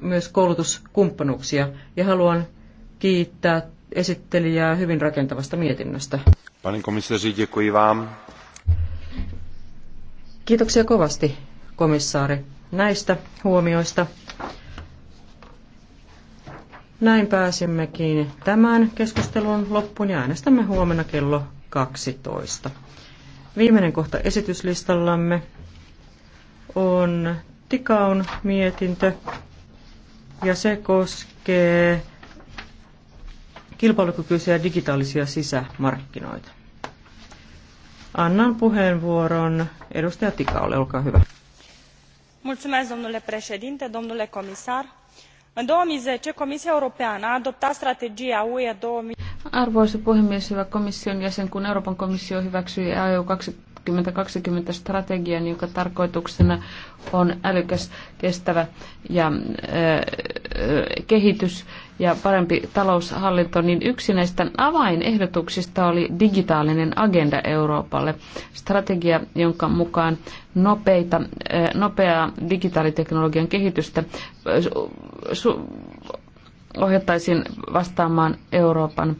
myös koulutuskumppanuuksia ja haluan kiittää esittelijää hyvin rakentavasta mietinnöstä. Pane komissaari, děkuji vám. Kiitoksia kovasti, komissaari, näistä huomioista. Näin pääsimmekin tämän keskustelun loppuun ja äänestämme huomenna kello 12. Viimeinen kohta esityslistallamme on Tikaun mietintö ja se koskee kilpailukykyisiä digitaalisia sisämarkkinoita. Annan puheenvuoron edustaja Tikaolle, olkaa hyvä. Mulțumesc, domnule președinte, domnule comisar. În 2010 Comisia Europeană a adoptat strategia UE 2000... Arvoisa puhemies, hyvä komission jäsen, kun Euroopan komissio hyväksyi EU 2020 2020 strategian, joka tarkoituksena on älykäs, kestävä ja äh, kehitys ja parempi taloushallinto, niin yksi näistä avainehdotuksista oli digitaalinen agenda Euroopalle. Strategia, jonka mukaan nopeita, äh, nopeaa digitaaliteknologian kehitystä äh, ohjattaisiin vastaamaan Euroopan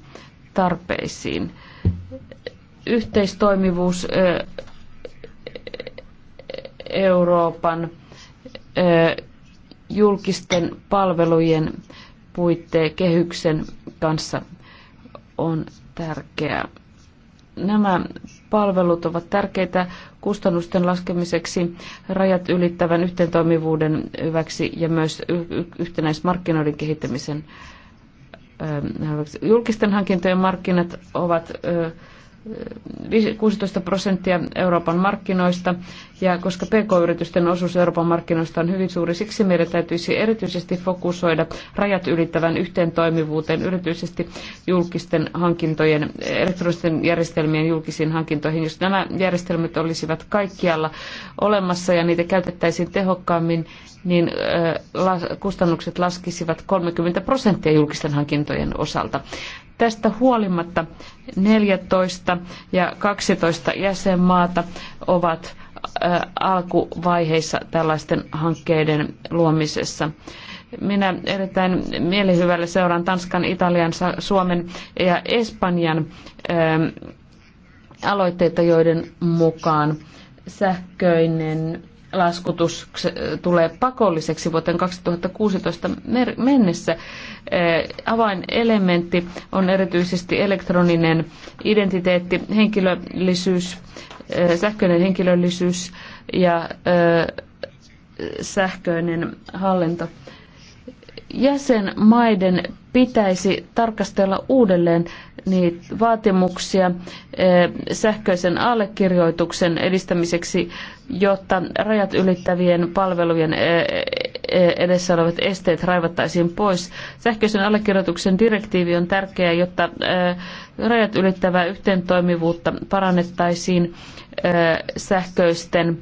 tarpeisiin yhteistoimivuus Euroopan julkisten palvelujen puitteen kehyksen kanssa on tärkeää. Nämä palvelut ovat tärkeitä kustannusten laskemiseksi, rajat ylittävän yhteentoimivuuden hyväksi ja myös yhtenäismarkkinoiden kehittämisen Julkisten hankintojen markkinat ovat 16 prosenttia Euroopan markkinoista, ja koska pk-yritysten osuus Euroopan markkinoista on hyvin suuri, siksi meidän täytyisi erityisesti fokusoida rajat ylittävän toimivuuteen, erityisesti julkisten hankintojen, elektronisten järjestelmien julkisiin hankintoihin. Jos nämä järjestelmät olisivat kaikkialla olemassa ja niitä käytettäisiin tehokkaammin, niin kustannukset laskisivat 30 prosenttia julkisten hankintojen osalta. Tästä huolimatta 14 ja 12 jäsenmaata ovat alkuvaiheissa tällaisten hankkeiden luomisessa. Minä erittäin mielihyvällä seuraan Tanskan, Italian, Suomen ja Espanjan aloitteita, joiden mukaan sähköinen laskutus äh, tulee pakolliseksi vuoteen 2016 mennessä. Äh, avainelementti on erityisesti elektroninen identiteetti, henkilöllisyys, äh, sähköinen henkilöllisyys ja sähköinen hallinto. Jäsenmaiden pitäisi tarkastella uudelleen niitä vaatimuksia eh, sähköisen allekirjoituksen edistämiseksi, jotta rajat ylittävien palvelujen eh, eh, edessä olevat esteet raivattaisiin pois. Sähköisen allekirjoituksen direktiivi on tärkeä, jotta rajat ylittävää yhteentoimivuutta parannettaisiin sähköisten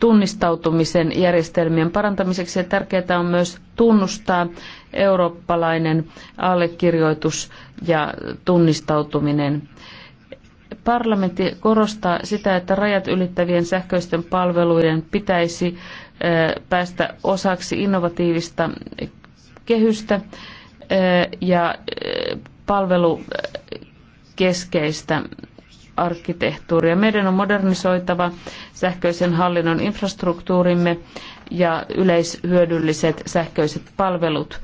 tunnistautumisen järjestelmien parantamiseksi. Ja tärkeää on myös tunnustaa eurooppalainen allekirjoitus ja tunnistautuminen. Parlamentti korostaa sitä, että rajat ylittävien sähköisten palveluiden pitäisi päästä osaksi innovatiivista kehystä ja palvelukeskeistä arkkitehtuuria. Meidän on modernisoitava sähköisen hallinnon infrastruktuurimme ja yleishyödylliset sähköiset palvelut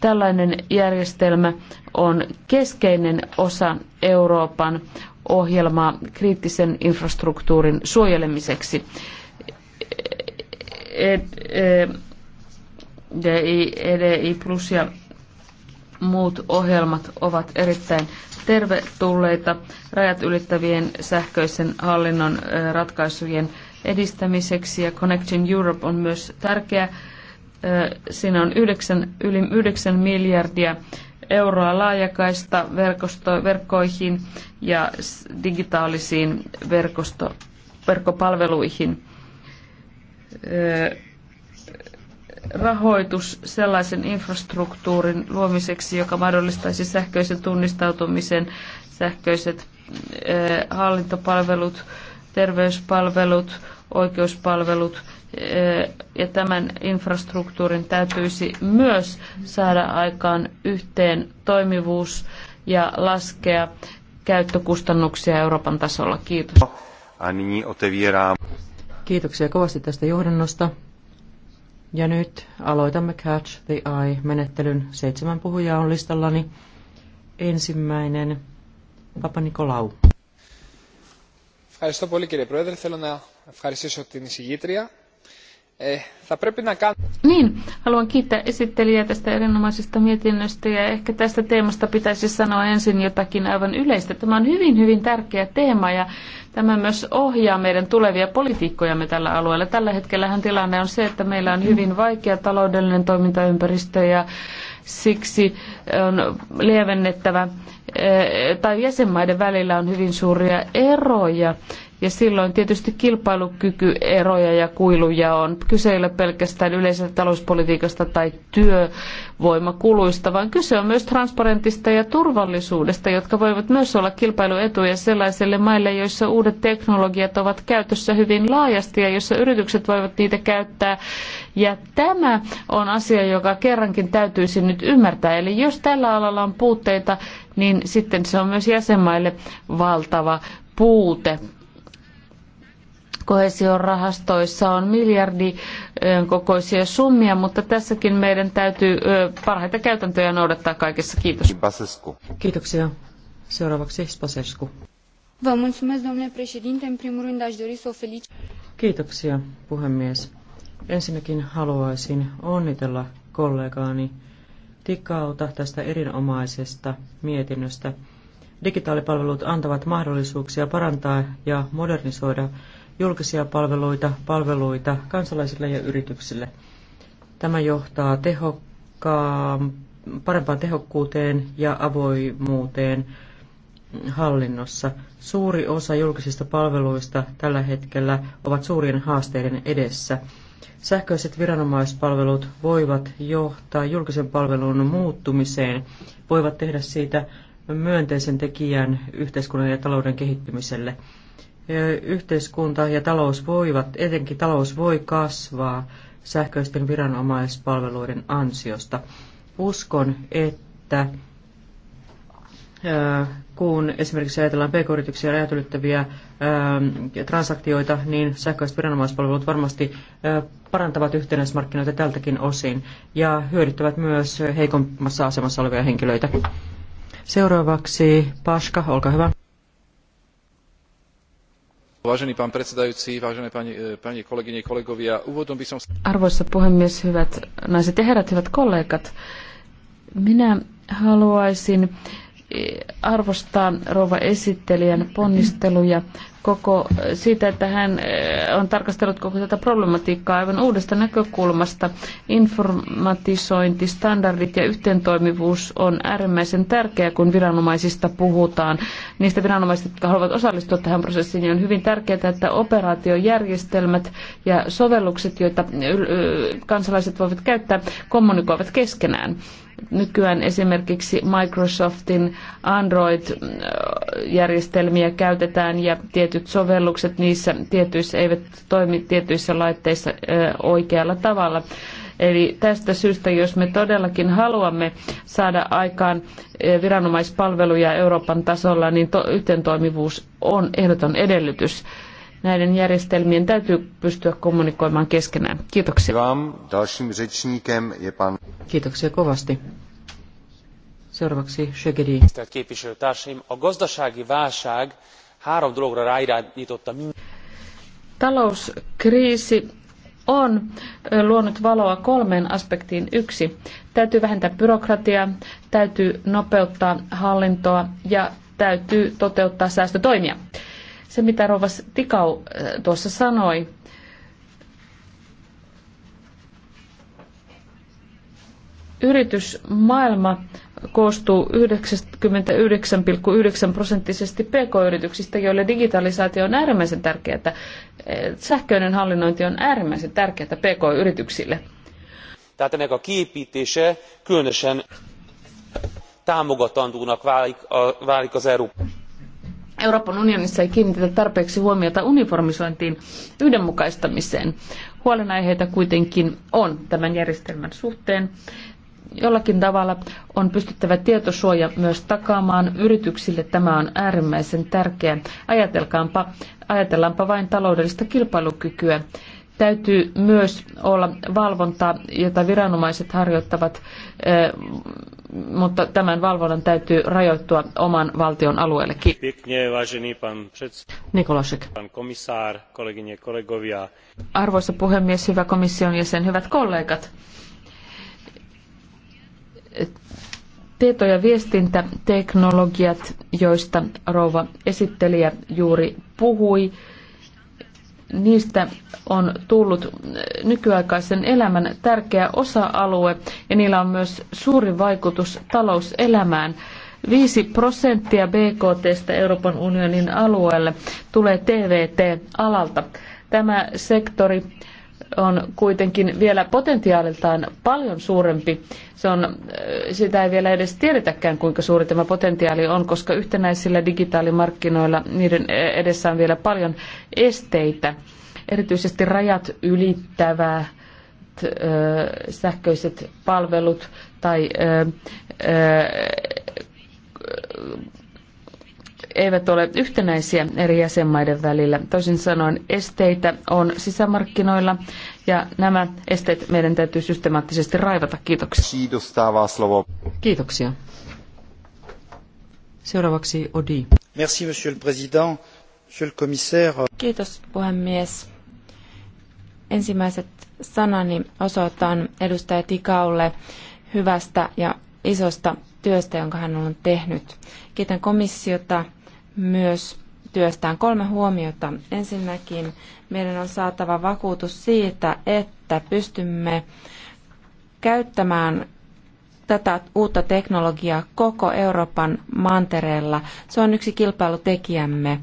Tällainen järjestelmä on keskeinen osa Euroopan ohjelmaa kriittisen infrastruktuurin suojelemiseksi. EDI, e Plus ja muut ohjelmat ovat erittäin tervetulleita rajat ylittävien sähköisen hallinnon ratkaisujen edistämiseksi ja Connection Europe on myös tärkeä Siinä on 9, yli 9 miljardia euroa laajakaista verkosto, verkkoihin ja digitaalisiin verkosto, verkkopalveluihin. Rahoitus sellaisen infrastruktuurin luomiseksi, joka mahdollistaisi sähköisen tunnistautumisen, sähköiset hallintopalvelut, terveyspalvelut, oikeuspalvelut ja tämän infrastruktuurin täytyisi myös saada aikaan yhteen toimivuus ja laskea käyttökustannuksia Euroopan tasolla. Kiitos. Kiitoksia kovasti tästä johdannosta. Ja nyt aloitamme Catch the Eye-menettelyn. Seitsemän puhujaa on listallani. Ensimmäinen, Papa Nikolau. Ευχαριστώ πολύ κύριε Πρόεδρε. Θέλω να ευχαριστήσω την εισηγήτρια Eh, niin, haluan kiittää esittelijää tästä erinomaisesta mietinnöstä ja ehkä tästä teemasta pitäisi sanoa ensin jotakin aivan yleistä. Tämä on hyvin, hyvin tärkeä teema ja tämä myös ohjaa meidän tulevia politiikkojamme tällä alueella. Tällä hetkellähän tilanne on se, että meillä on hyvin vaikea taloudellinen toimintaympäristö ja siksi on lievennettävä eh, tai jäsenmaiden välillä on hyvin suuria eroja ja silloin tietysti kilpailukykyeroja ja kuiluja on. Kyse ei ole pelkästään yleisestä talouspolitiikasta tai työvoimakuluista, vaan kyse on myös transparentista ja turvallisuudesta, jotka voivat myös olla kilpailuetuja sellaisille maille, joissa uudet teknologiat ovat käytössä hyvin laajasti ja joissa yritykset voivat niitä käyttää. Ja tämä on asia, joka kerrankin täytyisi nyt ymmärtää. Eli jos tällä alalla on puutteita, niin sitten se on myös jäsenmaille valtava puute kohesiorahastoissa on miljardi kokoisia summia, mutta tässäkin meidän täytyy parhaita käytäntöjä noudattaa kaikessa. Kiitos. Kiitoksia. Seuraavaksi Spasescu. Vă mulțumesc, domnule președinte. În primul rând, aș dori să o Kiitoksia, puhemies. Ensinnäkin haluaisin onnitella kollegaani Tikkauta tästä erinomaisesta mietinnöstä. Digitaalipalvelut antavat mahdollisuuksia parantaa ja modernisoida julkisia palveluita, palveluita kansalaisille ja yrityksille. Tämä johtaa tehokkaan, parempaan tehokkuuteen ja avoimuuteen hallinnossa. Suuri osa julkisista palveluista tällä hetkellä ovat suurien haasteiden edessä. Sähköiset viranomaispalvelut voivat johtaa julkisen palvelun muuttumiseen, voivat tehdä siitä myönteisen tekijän yhteiskunnan ja talouden kehittymiselle – yhteiskunta ja talous voivat, etenkin talous voi kasvaa sähköisten viranomaispalveluiden ansiosta. Uskon, että kun esimerkiksi ajatellaan pk-yrityksiä räätylyttäviä transaktioita, niin sähköiset viranomaispalvelut varmasti parantavat yhtenäismarkkinoita tältäkin osin ja hyödyttävät myös heikommassa asemassa olevia henkilöitä. Seuraavaksi Paska, olkaa hyvä. E, Arvoisa puhemies, hyvät naiset ja herrat, hyvät kollegat. Minä haluaisin e, arvostaa rouva esittelijän ponnisteluja koko siitä, että hän eh, on tarkastellut koko tätä problematiikkaa aivan uudesta näkökulmasta. Informatisointi, standardit ja yhteentoimivuus on äärimmäisen tärkeää, kun viranomaisista puhutaan. Niistä viranomaisista, jotka haluavat osallistua tähän prosessiin, niin on hyvin tärkeää, että operaatiojärjestelmät ja sovellukset, joita eh, kansalaiset voivat käyttää, kommunikoivat keskenään. Nykyään esimerkiksi Microsoftin Android-järjestelmiä käytetään ja tietyt sovellukset niissä tietyissä eivät toimi tietyissä laitteissa oikealla tavalla. Eli tästä syystä, jos me todellakin haluamme saada aikaan viranomaispalveluja Euroopan tasolla, niin to- toimivuus on ehdoton edellytys näiden järjestelmien täytyy pystyä kommunikoimaan keskenään. Kiitoksia. Kiitoksia kovasti. Seuraavaksi Segedi. Talouskriisi on luonut valoa kolmeen aspektiin. Yksi, täytyy vähentää byrokratiaa, täytyy nopeuttaa hallintoa ja täytyy toteuttaa säästötoimia. Se, mitä Rovas Tikau eh, tuossa sanoi, Yritysmaailma koostuu 99,9 prosenttisesti pk-yrityksistä, joille digitalisaatio on äärimmäisen tärkeää. Eh, sähköinen hallinnointi on äärimmäisen tärkeää pk-yrityksille. Tehát ennek a kiépítése különösen támogatandónak válik, a, válik az Európa. Euroopan unionissa ei kiinnitetä tarpeeksi huomiota uniformisointiin yhdenmukaistamiseen. Huolenaiheita kuitenkin on tämän järjestelmän suhteen. Jollakin tavalla on pystyttävä tietosuoja myös takaamaan yrityksille. Tämä on äärimmäisen tärkeää. Ajatelkaanpa, ajatellaanpa vain taloudellista kilpailukykyä. Täytyy myös olla valvontaa, jota viranomaiset harjoittavat mutta tämän valvonnan täytyy rajoittua oman valtion alueelle. Nikolasek. Arvoisa puhemies, hyvä komission jäsen, hyvät kollegat. Tieto- ja viestintäteknologiat, joista rouva esittelijä juuri puhui, Niistä on tullut nykyaikaisen elämän tärkeä osa-alue ja niillä on myös suuri vaikutus talouselämään. 5 prosenttia BKT Euroopan unionin alueelle tulee TVT-alalta. Tämä sektori on kuitenkin vielä potentiaaliltaan paljon suurempi. Se on, äh, sitä ei vielä edes tiedetäkään, kuinka suuri tämä potentiaali on, koska yhtenäisillä digitaalimarkkinoilla niiden äh, edessä on vielä paljon esteitä. Erityisesti rajat ylittävää äh, sähköiset palvelut tai eivät ole yhtenäisiä eri jäsenmaiden välillä. Toisin sanoen esteitä on sisämarkkinoilla ja nämä esteet meidän täytyy systemaattisesti raivata. Kiitoksia. Kiitoksia. Seuraavaksi Odi. Merci, monsieur le président. Monsieur le commissaire. Kiitos, puhemies. Ensimmäiset sanani osoitan edustaja Tikaulle hyvästä ja isosta työstä, jonka hän on tehnyt. Kiitän komissiota myös työstään kolme huomiota. Ensinnäkin meidän on saatava vakuutus siitä, että pystymme käyttämään tätä uutta teknologiaa koko Euroopan mantereella. Se on yksi kilpailutekijämme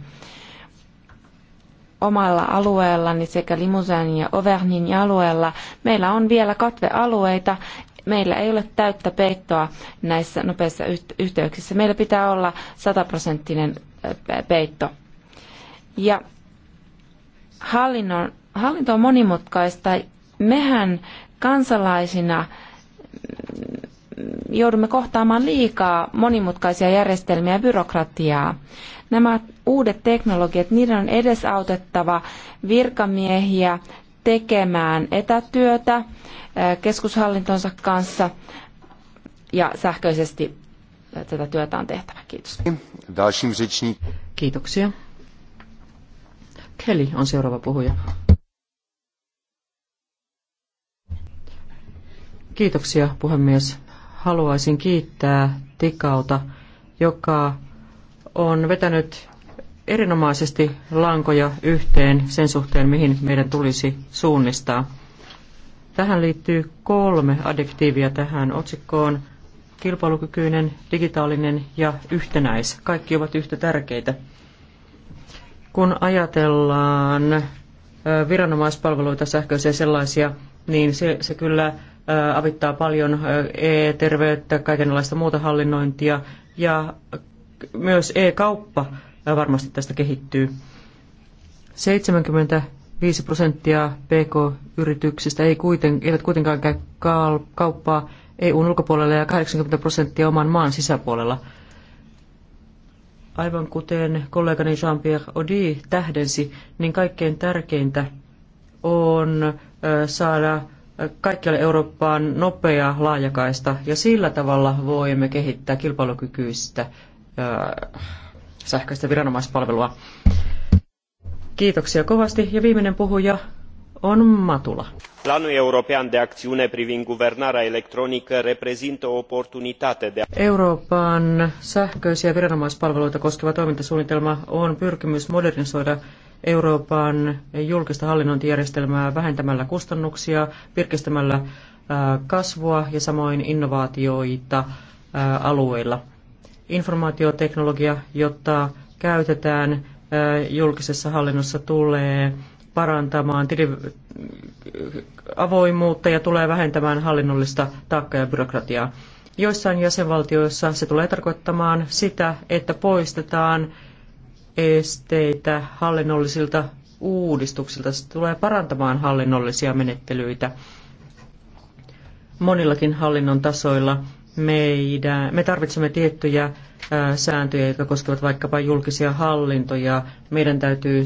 omalla alueellani sekä Limousin ja Auvergnin alueella. Meillä on vielä katvealueita. Meillä ei ole täyttä peittoa näissä nopeissa yhteyksissä. Meillä pitää olla sataprosenttinen peitto. Ja hallinnon, hallinto on monimutkaista. Mehän kansalaisina joudumme kohtaamaan liikaa monimutkaisia järjestelmiä ja byrokratiaa. Nämä uudet teknologiat, niiden on edesautettava virkamiehiä tekemään etätyötä keskushallintonsa kanssa ja sähköisesti tätä työtä on tehtävä. Kiitos. Dalším Kiitoksia. Kelly on seuraava puhuja. Kiitoksia puhemies. Haluaisin kiittää Tikauta, joka on vetänyt erinomaisesti lankoja yhteen sen suhteen, mihin meidän tulisi suunnistaa. Tähän liittyy kolme adjektiivia tähän otsikkoon kilpailukykyinen, digitaalinen ja yhtenäis. Kaikki ovat yhtä tärkeitä. Kun ajatellaan viranomaispalveluita, sähköisiä sellaisia, niin se, se kyllä avittaa paljon e-terveyttä, kaikenlaista muuta hallinnointia ja myös e-kauppa varmasti tästä kehittyy. 75 prosenttia pk-yrityksistä ei kuiten, eivät kuitenkaan käy kauppaa EUn ulkopuolella ja 80 prosenttia oman maan sisäpuolella. Aivan kuten kollegani Jean-Pierre Audi tähdensi, niin kaikkein tärkeintä on saada kaikkialle Eurooppaan nopea laajakaista ja sillä tavalla voimme kehittää kilpailukykyistä sähköistä viranomaispalvelua. Kiitoksia kovasti ja viimeinen puhuja on matula. Planul european de acțiune privind guvernarea electronică reprezintă o oportunitate de a... Euroopan sähköisiä viranomaispalveluita koskeva toimintasuunnitelma on pyrkimys modernisoida Euroopan julkista hallinnointijärjestelmää vähentämällä kustannuksia, virkistämällä kasvua ja samoin innovaatioita alueilla. Informaatioteknologia, jota käytetään julkisessa hallinnossa, tulee parantamaan avoimuutta ja tulee vähentämään hallinnollista taakkaa ja byrokratiaa. Joissain jäsenvaltioissa se tulee tarkoittamaan sitä, että poistetaan esteitä hallinnollisilta uudistuksilta. Se tulee parantamaan hallinnollisia menettelyitä. Monillakin hallinnon tasoilla meidän, me tarvitsemme tiettyjä sääntöjä, jotka koskevat vaikkapa julkisia hallintoja. Meidän täytyy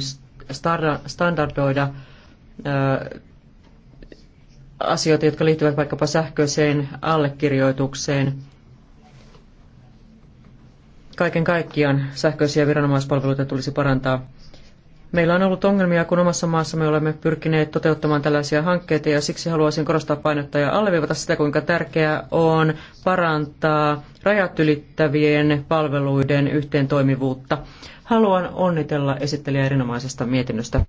standardoida asioita, jotka liittyvät vaikkapa sähköiseen allekirjoitukseen. Kaiken kaikkiaan sähköisiä viranomaispalveluita tulisi parantaa. Meillä on ollut ongelmia, kun omassa maassa me olemme pyrkineet toteuttamaan tällaisia hankkeita ja siksi haluaisin korostaa painottaa ja alleviivata sitä, kuinka tärkeää on parantaa rajat ylittävien palveluiden yhteentoimivuutta. Haluan onnitella esittelijä erinomaisesta mietinnöstä.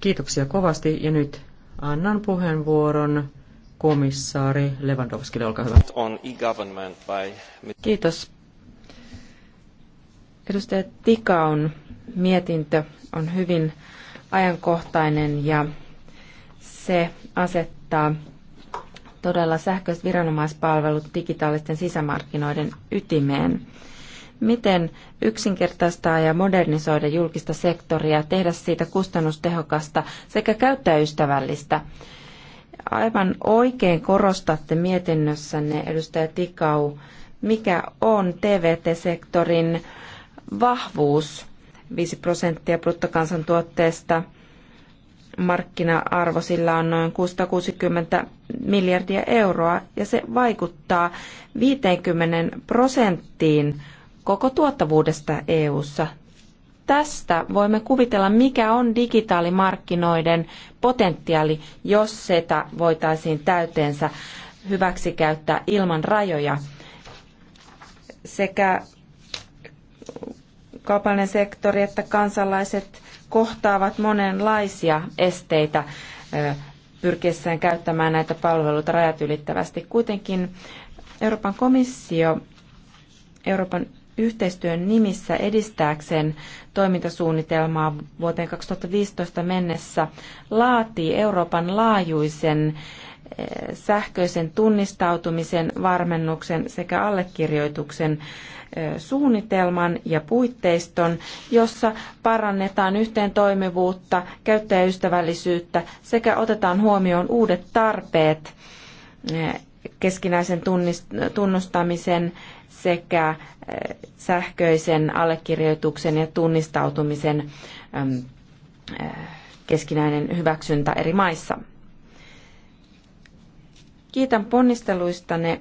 Kiitoksia kovasti ja nyt annan puheenvuoron komissaari Lewandowskille, olkaa hyvä. Kiitos. Edustaja Tikaun mietintö on hyvin ajankohtainen ja se asettaa todella sähköiset viranomaispalvelut digitaalisten sisämarkkinoiden ytimeen. Miten yksinkertaistaa ja modernisoida julkista sektoria, tehdä siitä kustannustehokasta sekä käyttäjäystävällistä? Aivan oikein korostatte mietinnössänne, edustaja Tikau, mikä on TVT-sektorin vahvuus, 5 prosenttia bruttokansantuotteesta. Markkina-arvo sillä on noin 660 miljardia euroa ja se vaikuttaa 50 prosenttiin koko tuottavuudesta EU:ssa. Tästä voimme kuvitella, mikä on digitaalimarkkinoiden potentiaali, jos sitä voitaisiin täyteensä hyväksikäyttää ilman rajoja. Sekä kaupallinen sektori että kansalaiset kohtaavat monenlaisia esteitä pyrkiessään käyttämään näitä palveluita rajat ylittävästi. Kuitenkin Euroopan komissio Euroopan yhteistyön nimissä edistääkseen toimintasuunnitelmaa vuoteen 2015 mennessä laatii Euroopan laajuisen eh, sähköisen tunnistautumisen, varmennuksen sekä allekirjoituksen eh, suunnitelman ja puitteiston, jossa parannetaan yhteen toimivuutta, käyttäjäystävällisyyttä sekä otetaan huomioon uudet tarpeet eh, keskinäisen tunnustamisen sekä eh, sähköisen allekirjoituksen ja tunnistautumisen eh, keskinäinen hyväksyntä eri maissa. Kiitän ponnisteluistanne,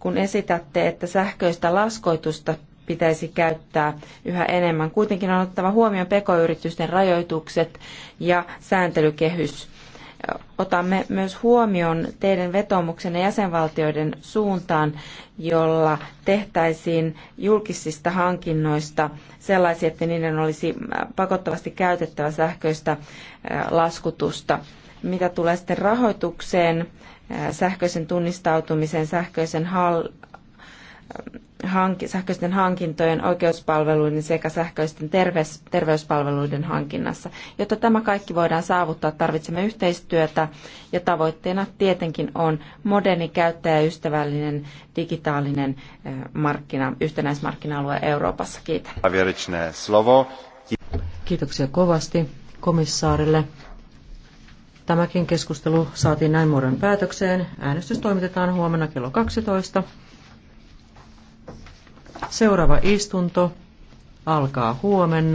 kun esitätte, että sähköistä laskoitusta pitäisi käyttää yhä enemmän. Kuitenkin on otettava huomioon pk-yritysten rajoitukset ja sääntelykehys otamme myös huomioon teidän vetomuksenne jäsenvaltioiden suuntaan, jolla tehtäisiin julkisista hankinnoista sellaisia, että niiden olisi äh, pakottavasti käytettävä sähköistä äh, laskutusta. Mitä tulee sitten rahoitukseen, äh, sähköisen tunnistautumisen, sähköisen sähköisten hankintojen, oikeuspalveluiden sekä sähköisten terveys, terveyspalveluiden hankinnassa. Jotta tämä kaikki voidaan saavuttaa, tarvitsemme yhteistyötä ja tavoitteena tietenkin on moderni käyttäjäystävällinen digitaalinen markkina, yhtenäismarkkina-alue Euroopassa. Kiitän. Kiitoksia kovasti komissaarille. Tämäkin keskustelu saatiin näin muodon päätökseen. Äänestys toimitetaan huomenna kello 12. Seuraava istunto alkaa huomenna.